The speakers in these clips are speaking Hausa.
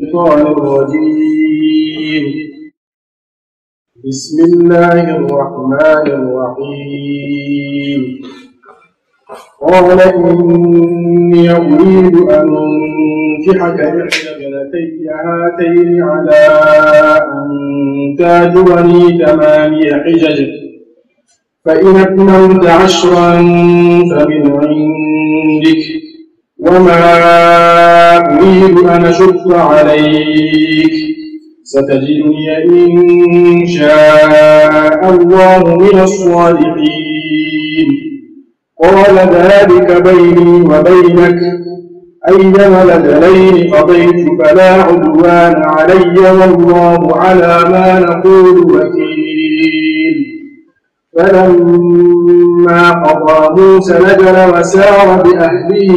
الشيطان الرجيم بسم الله الرحمن الرحيم قال إني أريد أن أنكحك إحدى ابنتي هاتين على أن تاجرني ثماني حجج فإن أتممت عشرا فمن عندك وما أريد أن أشق عليك ستجدني إن شاء الله من الصالحين قال ذلك بيني وبينك أيما لدلين قضيت فلا عدوان علي والله على ما نقول وكيل فلما قضى موسى نجل وسار بأهله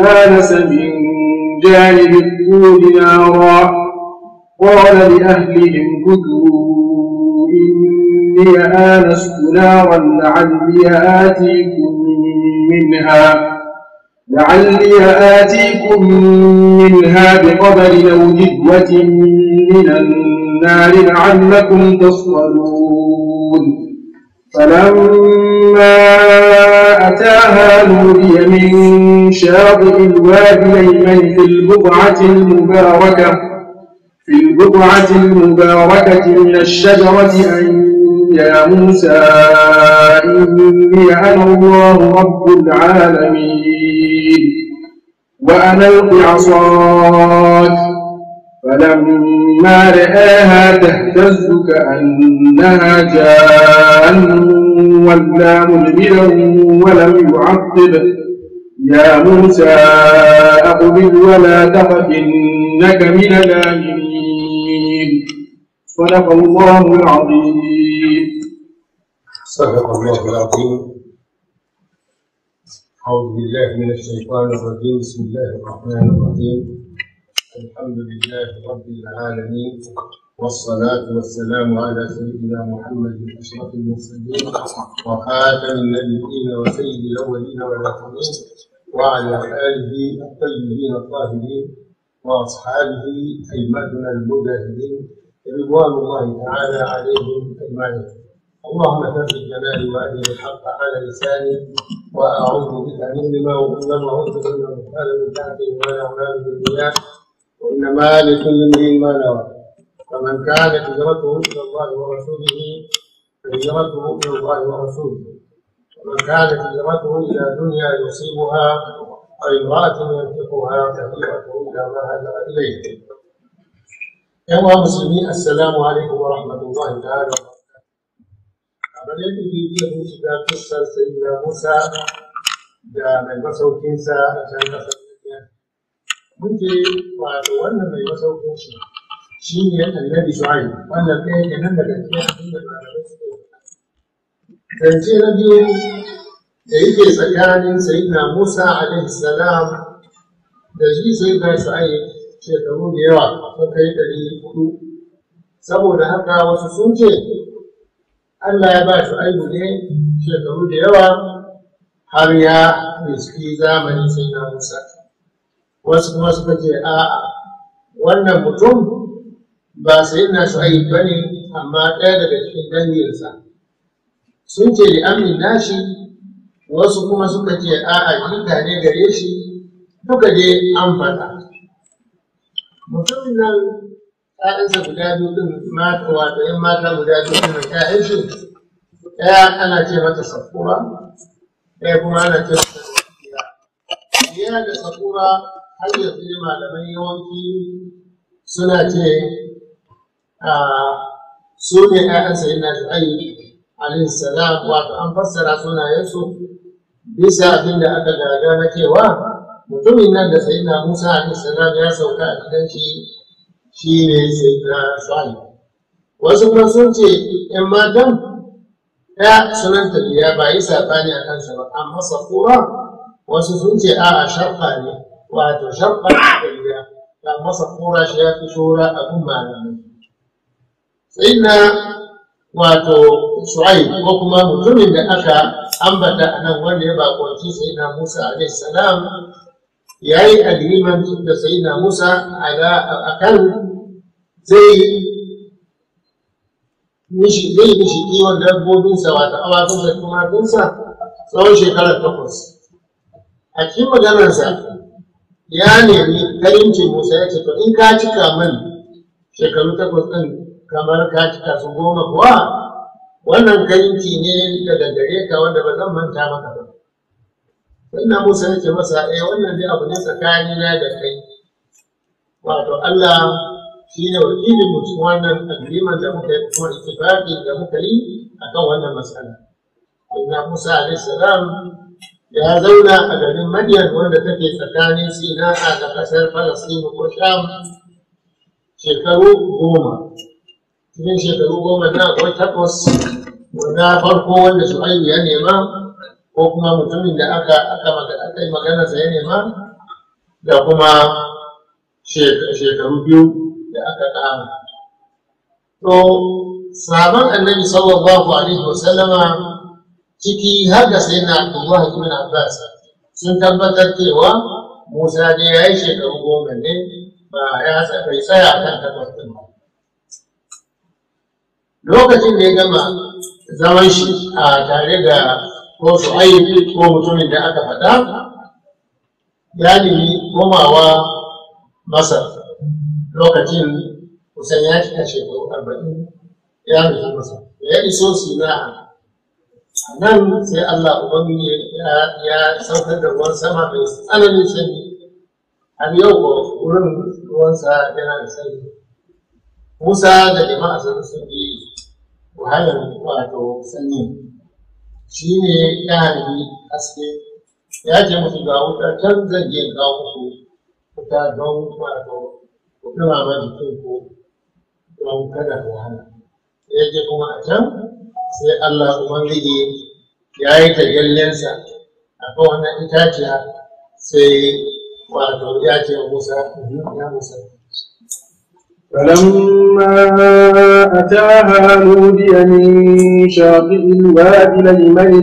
آنس من جانب الطول نارا قال لأهلهم كثوا إني آنست نارا لعلي آتيكم منها لعلي آتيكم منها بقبل أو جدوة من النار لعلكم تصطلون فلما أتاها نودي من شاطئ الوادي الأيمن في البقعة المباركة في البقعة المباركة من الشجرة أن يا موسى إني أنا الله رب العالمين وأنا القعصاك فلما رآها تهتز كأنها جان ولا مدبرا ولم يعقب يا موسى أقبل ولا تخف إنك من الآمنين صدق الله العظيم صدق الله العظيم أعوذ بالله من الشيطان الرجيم بسم الله الرحمن الرحيم الحمد لله رب العالمين والصلاة والسلام على سيدنا محمد أشرف المرسلين وخاتم النبيين وسيد الأولين والآخرين وعلى آله الطيبين الطاهرين وأصحابه أئمتنا المجاهدين رضوان الله تعالى عليهم أجمعين اللهم ثبت الجلال وأدم الحق على لساني وأعوذ بك من لما وظلم وصف من المختال من تحته ولا أولاد الدنيا إنما لكل ما نوى فمن كانت هجرته إلى الله ورسوله فهجرته إلى الله ورسوله ومن كانت هجرته إلى دنيا يصيبها اي امرأة ينفقها فهجرته إلى ما هاجر إليه أيها المسلمين السلام عليكم ورحمة الله تعالى وبركاته عملية تجريبية من كتاب قصة سيدنا موسى da mai masaukinsa a can ƙasar muke wato wannan mai masaukin shi shi ne annabi shu'ayi wannan ɗaya ke nan daga cikin abin da malamai su. zance na biyu da yake tsakanin sayyidina musa alaihi salam da shi sayyidina shu'ayi shekaru da yawa sun kai ɗari hudu saboda haka wasu sun ce Allah ya ba shu'aibu ne shekaru da yawa har ya riski sai na musa wasu kuma suka ce a'a wannan mutum ba sai ina shu'ayi ba ne amma ɗaya daga cikin danginsa sun ce li'amin nashi wasu kuma suka ce a'a jika ne gare shi duka dai an faɗa mutumin nan ‘ya'yansa guda biyu ɗin mata wato mata guda biyu ɗin nan shi ɗaya ana ce mata sakura ɗaya kuma ana ce mata sakura. Biya da sakura har yanzu malamai yawanci suna ce su ne ‘ya'yan sayi na shu'ayi alaihissalam wato an fassara sunayensu bisa abin da aka gada na cewa mutumin nan da sayi na musa alaihissalam ya sauka a gidan shi shi ne sayi na shu'ayi wasu kuma sun ce ‘yan matan ɗaya sunan tabiya ba yi saɓani a kansa ba amma safura wasu sun ce a'a sharfa ne وتجرب إليها فما صفورة شيئا تشورا أكما فإن واتو شعيب وكما مجمل أكا أنبت أنا ولي بقول سيدنا موسى عليه السلام يعي أدريما تبدا سيدنا موسى على أقل زي مش زي مش تي ولا بو دوسا واتا أو أتوسا كما دوسا فهو شيء قال التقص أكيد مجانا زاكي ya nemi karinci musa ya ce to in ka cika mani shekaru takwas ɗin kamar ka cika su goma kuwa wannan karinci ne daga gare ka wanda ba zan manta maka ba sannan musa ya ce masa eh wannan dai abu ne tsakanina da kai wato allah shi ne wakilin mutum wannan agreement da muka yi kuma ittifaqi da muka yi akan wannan matsala. Inna Musa alaihi salam ya zauna a garin manyan wanda take tsakanin Sina'a da ƙasar Falasɗinu ko Sham shekaru goma. Cikin shekaru goma na akwai takwas na farko wanda Shu'aibu ya nema ko kuma mutumin da aka aka yi magana sa ya nema da kuma shekaru biyu da aka ƙara. To, sabon annabi sallallahu alaihi wa sallama ciki har da sai na Abdullahi ibn Abbas sun tabbatar cewa Musa ne ya yi shekaru goma ne ba ya bai tsaya kan tabbatar ba. Lokacin da ya gama zaman shi a tare da ko su ayyuki ko mutumin da aka faɗa ya nemi komawa Masar lokacin kusan ya cika shekaru arba'in ya nufi Masar. Ya iso na nan sai Allah ubangiji ya saukar da ruwan sama mai tsananin sanyi har yau ba wurin ruwansa yana da sanyi Musa da jama'a sun sun yi wahalar wato sanyi shi ne ya harbi haske ya ce musu ga wuta can zan je ga ku wuta don wato ku ɗumama jikin ku don kada ku ya je kuma a can sai Allah Ubangiji ya yi tajallinsa a kowane itaciya sai wato ya ce Musa ya Musa. فلما أتاها نودي من شاطئ الواد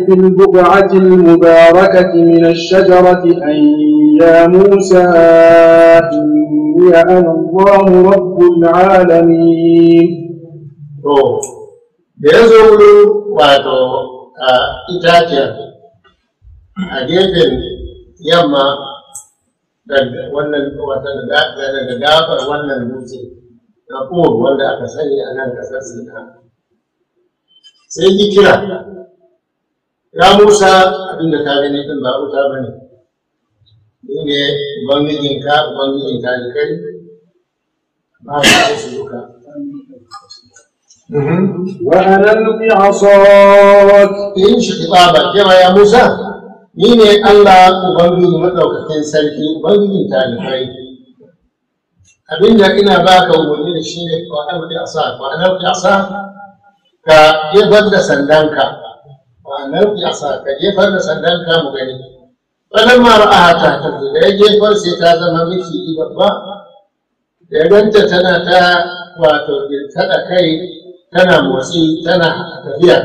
في البقعة المباركة من الشجرة أن يا موسى إني أنا الله رب العالمين. Oh. da ya zo wuri wato itaciyar a gefen yamma wannan watan daga gafar wannan dutse na kowar wanda aka sani a nan kasar sina sai yi kira ya musa abinda ka gani din ba wuta ba ne ni ne ubangijinka ubangijinka kai ba ka su duka وأنا ألقي عصاك إن خطابا كما يا موسى مين الله أبنجي مدوكتين سلكي أبنجي تالحي abin da ina baka umarni da shi ne wa alƙi asa da sandanka wa alƙi asa ka jefar da sandanka mu gani wannan mara a hata ta da ya jefar sai ta zama miki babba da tana ta wato kai tana motsi tana tafiya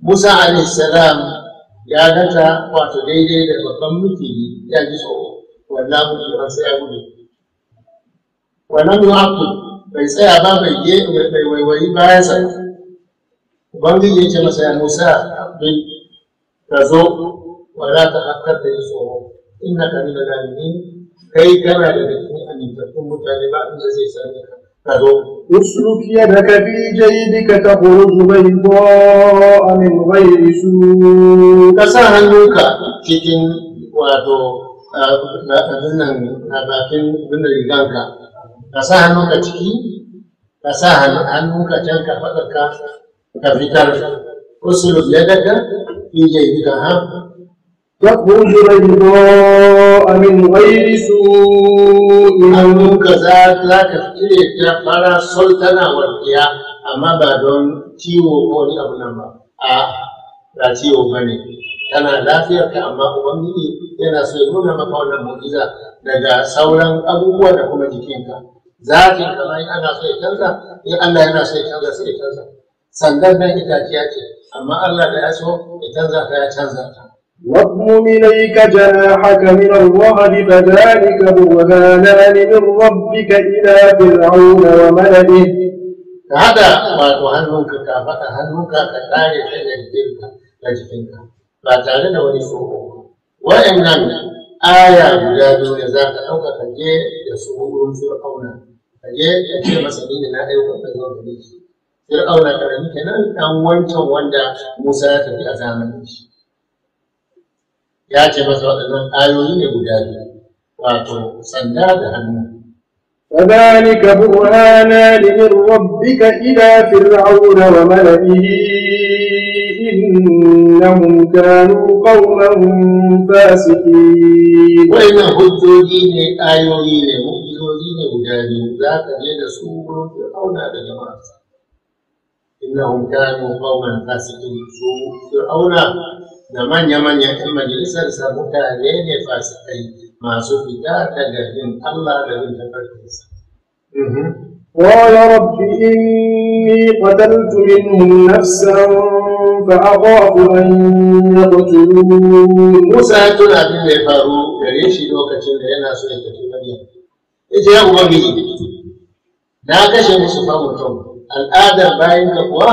musa salam ya gata wato daidai da babban mutumi ya ji tsoro wannan ba sai ya gudu wannan mu'abdu bai tsaya ba bai ge bai waiwayi bayansa ubangiji ya ce masa ya musa abin ka zo wala ta hakkar da ya tsoro inna ka nuna lalini kai kana da cikin amintattun mutane ba inda zai sami ka اسلك يدك في جيبك تخرج بيضاء من غير سوء تساهلوك cikin wato eh, nan a bakin bindin riganka ka sa hannunka ciki ka sa hannunka can ka faɗa ka fitar usulub ya daga fi jayi ka تخرج بيضاء من غير سوء hannunka za za ka cire ta fara sol tana walƙiya amma ba don ciwo ko wani abu nan ba a ba ciwo ba ne tana lafiyar ka amma ubangiji yana so ya nuna maka wannan daga sauran abubuwa da kuma jikinka zatin kamar ana so ya canza in Allah yana so ya canza sai ya canza sandan nan itaciya ce amma Allah da ya so ya canza ta ya واضم إليك جناحك من الرعد فذلك برهانان من ربك إلى فرعون وملئه هذا ما تهنوا كتابة هنوا كتابة لجدك لجدك لا تعلن ونسوه وإن لم آية مجاد يزال تحوك فجي يسوه ونزل قونا فجي يكير مسلين لا يوقف تزور بنيش فرعون كرمك نال أول تواند موسى تبي أزامنيش ya ce masa waɗannan ayoyi ne guda biyu wato sanda da hannu فذلك برهانان من ربك إلى فرعون وملئه إنهم كانوا قوما فاسقين وإن هجودين آيوين مؤمنين مجانين ذات يد سور فرعون لجماعة إنهم كانوا قوما فاسقين فرعون da manya-manyan 'yan majalisar sa mutane ne fasikai masu fita daga yin Allah da bin tafarkinsa. قال رب إني قتلت منهم نفسا فأخاف أن يقتلون موسى تنا بما يفعلوا بريشي لوكتين لأنا سوية مريم إذا يا أمي na kashe musu fa mutum al'adar bayan kuwa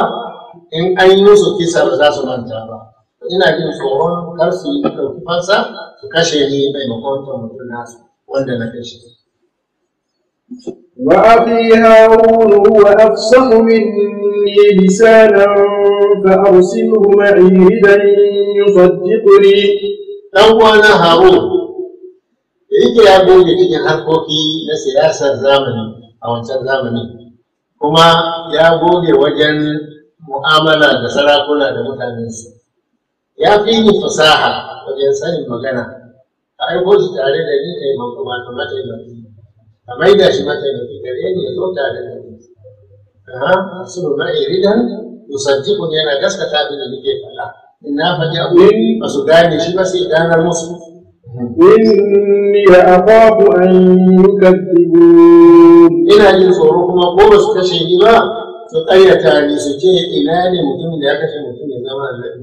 in an yi kisa kisar za su manta ba ina jin tsohon kar su yi ɗauki fansa su kashe ni maimakon ta mutum nasu wanda na kashe. وأخي هارون هو أفصح مني لسانا فأرسله معي ردا يصدقني أولا هارون yake ya goge cikin harkoki na siyasar zamani a wancan zamani kuma ya goge wajen mu'amala da sarakuna da mutanensa ya fi ni fasaha wajen sanin magana a aiko shi tare da ni a yi makamata mataimaki a da shi mataimaki gare ni ya zo tare da ni a sunu na iridan kun yana gaskata abin da nake faɗa in na faɗi abu ba su gane shi ba sai ganar musu inni akhafu an yukaththibun ina jin tsoro kuma ko ba su kashe ni ba su ƙayyata ni su ce ina ne mutumin da ya kashe mutum ya zama annabi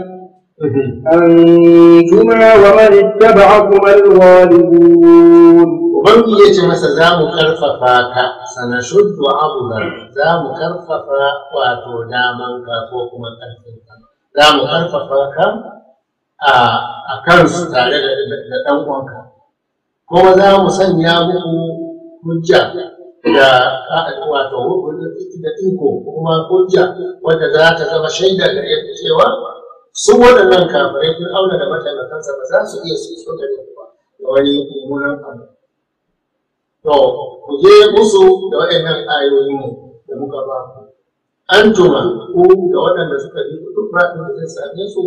أنتما ومن اتبعكما الغالبون Ubangi ya ce masa za mu karfafa ka sana shuddu abudan za mu karfafa wato daman ko kuma ƙarfin za mu karfafa ka a kansu tare da ɗan uwanka kuma za mu sanya muku da wato da iko kuma hujja za ta zama shaida gare su waɗannan kafirai kun auna da kansa ba za su iya su so da ba da wani mummunan abu to ku je musu da waɗannan ayoyi ne da muka ba ku an tuma ku da waɗanda suka ji duk ra'ayin da zai same su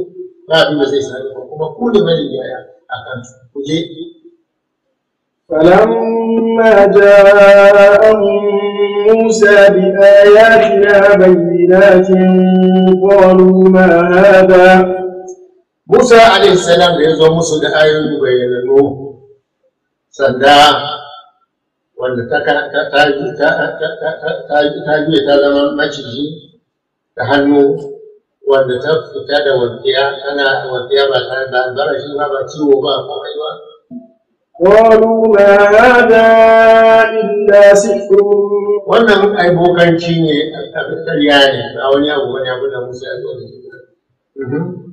ra'ayin da zai same ku kuma ku ne mai yaya a su ku je فلما جاءهم موسى بآياتنا بينات قالوا ما هذا Musa عليه da ya zo musu da ayoyi bayyananu sanda wanda ta juya ta zama maciji da hannu wanda ta fita da wankiya tana ba tare da ba ba ciwo ba ba قالوا ما هذا إلا سحر wannan abokanci bokanci ne ƙarya ne ba wani abu wani abu da musa ya zo da shi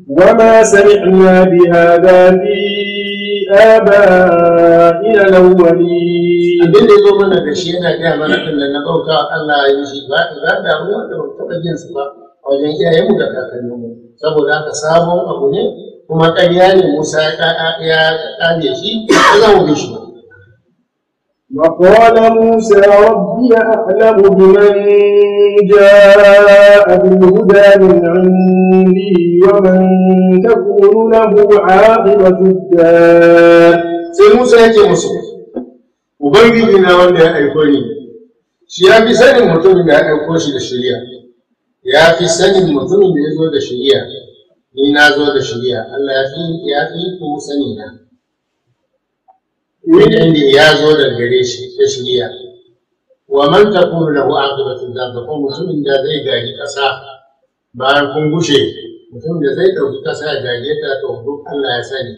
وما سمعنا بهذا في آبائنا الأولين abin da zo mana da shi yana gaya mana kullum na bauta Allah ya yi shi ba ba da mu da taɓa jin su ba wajen iyayenmu da kakanninmu saboda haka sabon abu ne kuma ƙarya ne Musa ya ƙame shi ba zama mu shi ba. وقال موسى ربي أعلم بمن جاء بالهدى من عندي ومن تكون له عاقبة الدار. سي موسى يأتي موسى وبنجي لنا وندى أيقوني. شيابي سالم mutumin da ya ɗauko shi da shirya ya fi sanin mutumin da ya zo da shirya ni na zo da shirya Allah ya fi ya fi ku sani na idan ya zo da gare shi da shirya wa man takunu lahu aqibatu dhalika ko mutumin da zai gaji kasa bayan kun gushe mutum da zai ɗauki kasa ya gaje ta to duk Allah ya sani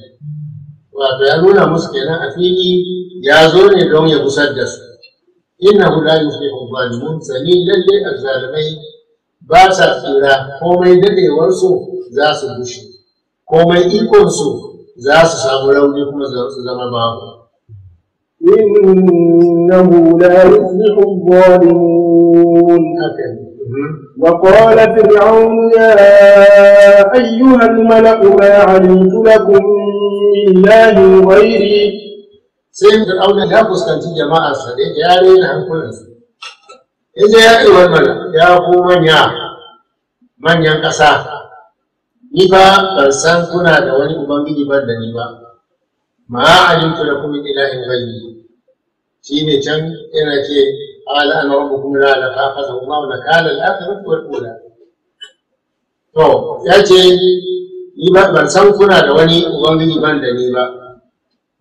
wato ya nuna musu kenan a fili ya zo ne don ya gusar da su innahu la yuflihu zalimun sani lalle azzalimai ba sa tsira komai dadewarsu za su bushe komai ikonsu za su samu rauni kuma za su zama babu إنه لا يفلح الظالمون وقال فرعون يا أيها الملأ ما علمت لكم من إله غيري سيد فرعون لا فسكنتي جماعة صديق يا رين هنقول إذا يا أيها الملأ يا أبو من يا من ينقصاه ni ba ban san kuna da wani ubangiji ban da ni ba ma alimtu lakum min ilahin ghayri shine can yana ce ala ana rabbukum la la faqata Allahu la kala al akhiratu wal ula to ya ce ni ba ban san kuna da wani ubangiji ban da ni ba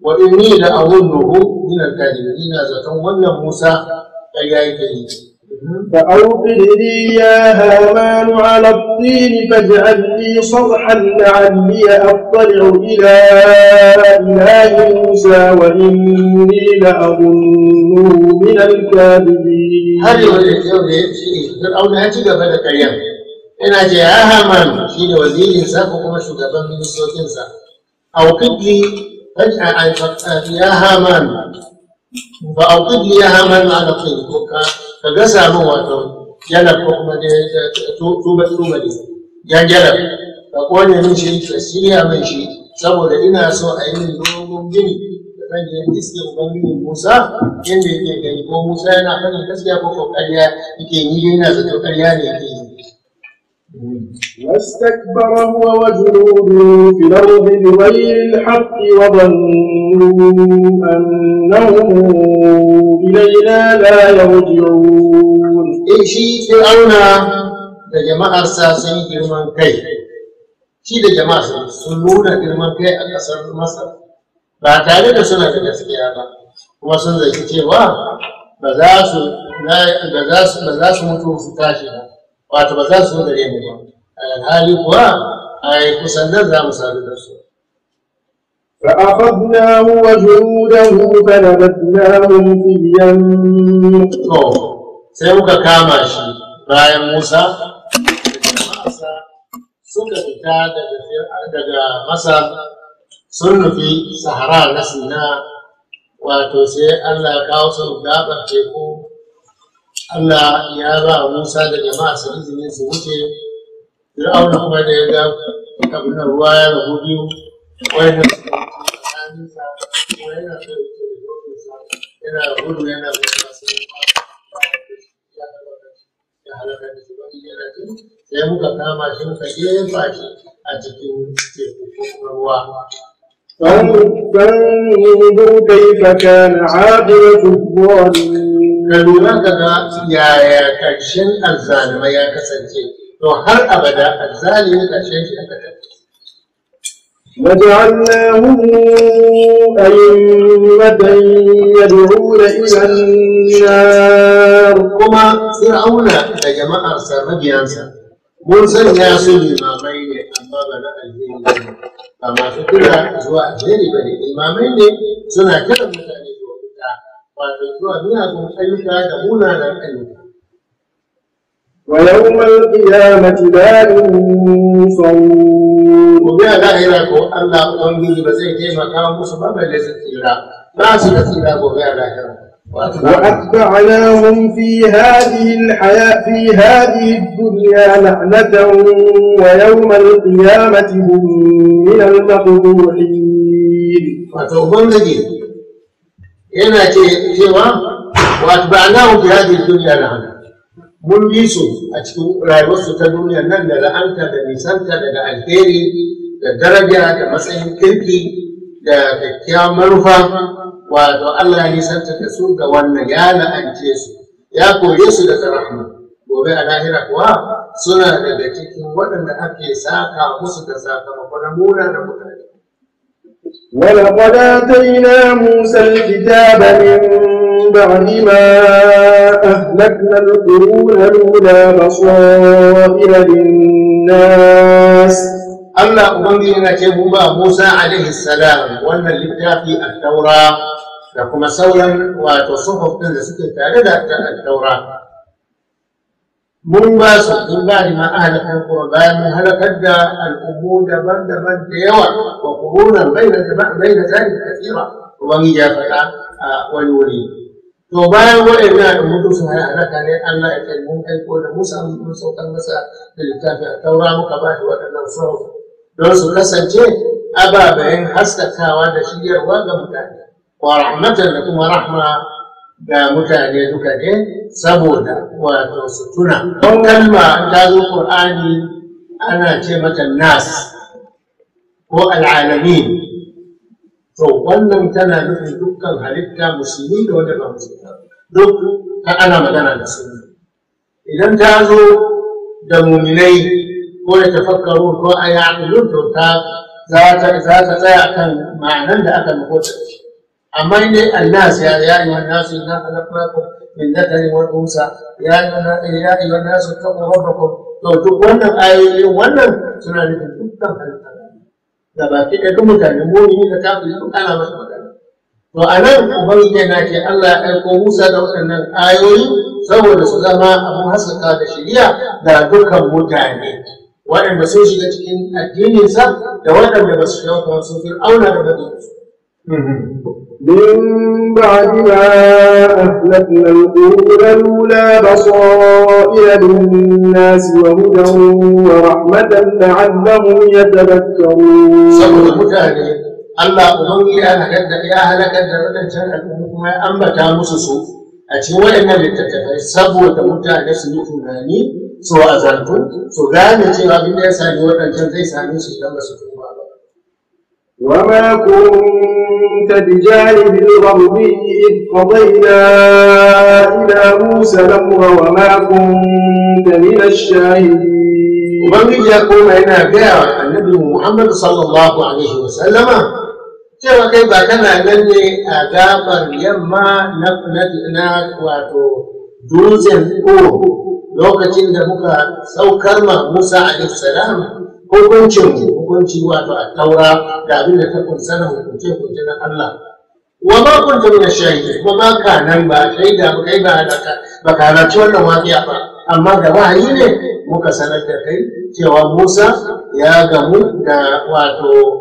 wa inni la awunuhu min al kadhibin ina zaton wannan Musa kai yayi kai فأوقد لي يا هامان على الطين فاجعل لي صرحا لعلي أطلع إلى إله موسى وإني لأظنه من الكاذبين. هل فرعون ya ci gaba da ƙaryar yana ce ya haman shi ne wazirinsa ko kuma shugaban ministocinsa auƙidli ya haman ba auƙidli ya haman ma ala ko ka ka gasa min wato jalab ko kuma eh, eh, tuba tuba ne ya jalab ka kone min shi ka shirya min shi saboda ina so a yi min dogon gini da kan da yake suke ubangiji musa inda yake gani ko musa yana fadin gaskiya ko ko ƙarya yake yi yana zato ƙarya ne yake واستكبر هو وجنوده في الارض بغير الحق وظنوا انهم الينا لا يرجعون. اي شيء فرعون ده جماعه ساسين كرمان كي. شيء ده جماعه ساسين سنون كرمان كي اكثر من مصر. لا تعالي سنه في هذا. وما سنه في واه بزاس بزاس بزاس موتو في wato ba za su zo gare mu ba alhali kuwa ai kusan nan za mu sadu da su فأخذناه وجنوده فنبتناهم في اليم sai muka kama shi bayan Musa suka fita daga masa sun nufi Sahara na Sina wato sai Allah ya kawo su gaɓar teku Allah ya ba Musa da jama'a su izinin su wuce Fir'auna kuma da ya ga abin ruwa ya rabu biyu wanda su tsaninsa kuma yana so ya ce da yana gudu yana gudu masu ya halaka da su wani yana jin sai muka kama shi muka jefa shi a cikin teku ko ruwa فانظر كيف كان عاقبة الظالمين ka lura ka ga yaya ƙarshen azzalima ya kasance to har abada azzalimi ƙarshen shi aka tafi وجعلناهم أئمة يدعون إلى النار كما فرعون يا جماعة سربيانسا منسى ياسر الإمامين أما بنا الجن أما فكرة زواء الجن بني الإمامين سنة كلمة ويوم القيامة لا ينصرون وبيا لا إله الله أمي بزيت ما كان مصبا بلز التيرا ما سد وبيا لا وأتبعناهم في هذه الحياة في هذه الدنيا لعنة ويوم القيامة هم من المقبوحين. وتوبوا yana ce cewa wa ya bi duniya na hana mun bi su a cikin rayuwarsu ta duniya nan da la'anta da nisanta daga alheri da daraja da matsayin kirki da kyakkyawan manufa wato Allah ya nisanta da su ga wannan ya la'ance su ya kore su da rahama gobe a lahira kuwa suna daga cikin waɗanda ake saka musu da sakamakon muna da mutane ولقد آتينا موسى الكتاب من بعد ما أهلكنا القرون الأولى بصائر للناس أما أبنبينا كيبوبا موسى عليه السلام وأن في التوراة لكم سولا وتصحف تنزل سكتة لدى التوراة mun ba su in ba ni ma ahalakar qurba mun halakar da al'ummu daban-daban da yawa wa bai baina baina da tsira wani ya faɗa a wani wuri to bayan waɗannan al'ummu sun halaka ne Allah ya ce mun aiko da Musa mun saukar masa da a taura muka ba shi waɗannan sarrafa don su kasance ababen haskakawa da shiryarwa ga mutane wa rahmatan da kuma rahma da mutane duka ne saboda wato su tuna don kalma ta zo ƙur'ani ana ce mata nas ko al'alami to wannan tana nufin dukkan halitta musulmi da wanda ba musulmi duk ta ana magana da sunna idan ta zo da muminai ko da tafakkaru ko a yaƙilun to ta za ta tsaya kan ma'anar da aka mahotar shi amma dai annas ya ya yi wannan nasu na alaƙaƙo min zakari wa unsa ya yi wannan eh, ya yi wannan su ta rabbakum to duk wannan ayoyi wannan suna da dukkan halitta da baki da duk mutane mu'mini da kafiri duk ana masa magana to anan ubangiji yana ce Allah ya aiko Musa da waɗannan ayoyi saboda su zama abin haskaka da shari'a ga dukkan mutane waɗanda sun shiga cikin addininsa da waɗanda ba su shiga kamar sun fi auna da madinsu من بعد ما أهلكنا القرون الأولى بصائر للناس وهدى ورحمة لعلهم يتذكرون. صلوا المجاهدين الله قلوني أنا قد أهلك الدرجة أنكم أما تاموس السوق أتي وين اللي تتفاعل سبوة مجاهدة سلوك ناني سوى أزرتم سوى غاني تي غادي ناس أنكم زي سامي سلوك الله وما كنت بجانب الغربي إذ قضينا إلى موسى الأمر وما كنت من الشاهدين ومن يقول أنا جاء النبي محمد صلى الله عليه وسلم جاء كيف كان لن يما اليما نفنتنا واتو جوزا لو كتند بك سو كرم موسى عليه السلام hukuncin hukunci wato a taura da abin da ta kunsa na hukunce hukunce na Allah wa ma kunta min ash wa ma nan ba kai ba kai ba ka ba ka karanci wannan waqi'a ba amma da wahayi ne muka sanar da kai cewa Musa ya gamu da wato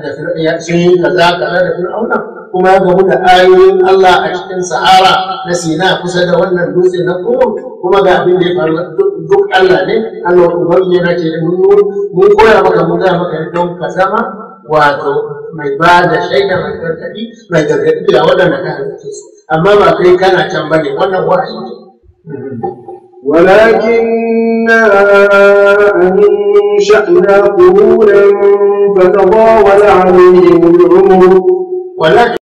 da sun yi kaza ka da Fir'auna kuma ga gamu da ayoyin Allah a cikin sahara na Sina kusa da wannan dutse na kuma, kuma ga abin da ya faru duk Allah ne Allah ubangiji yana ce mun mun koya maka mun ga maka don ka zama wato mai ba da shaida mai gargadi mai gargadi da waɗanda ka halitta amma ba kai kana can bane wannan wahayi ne ولكننا أنشأنا قرونا فتطاول عليهم العمر w a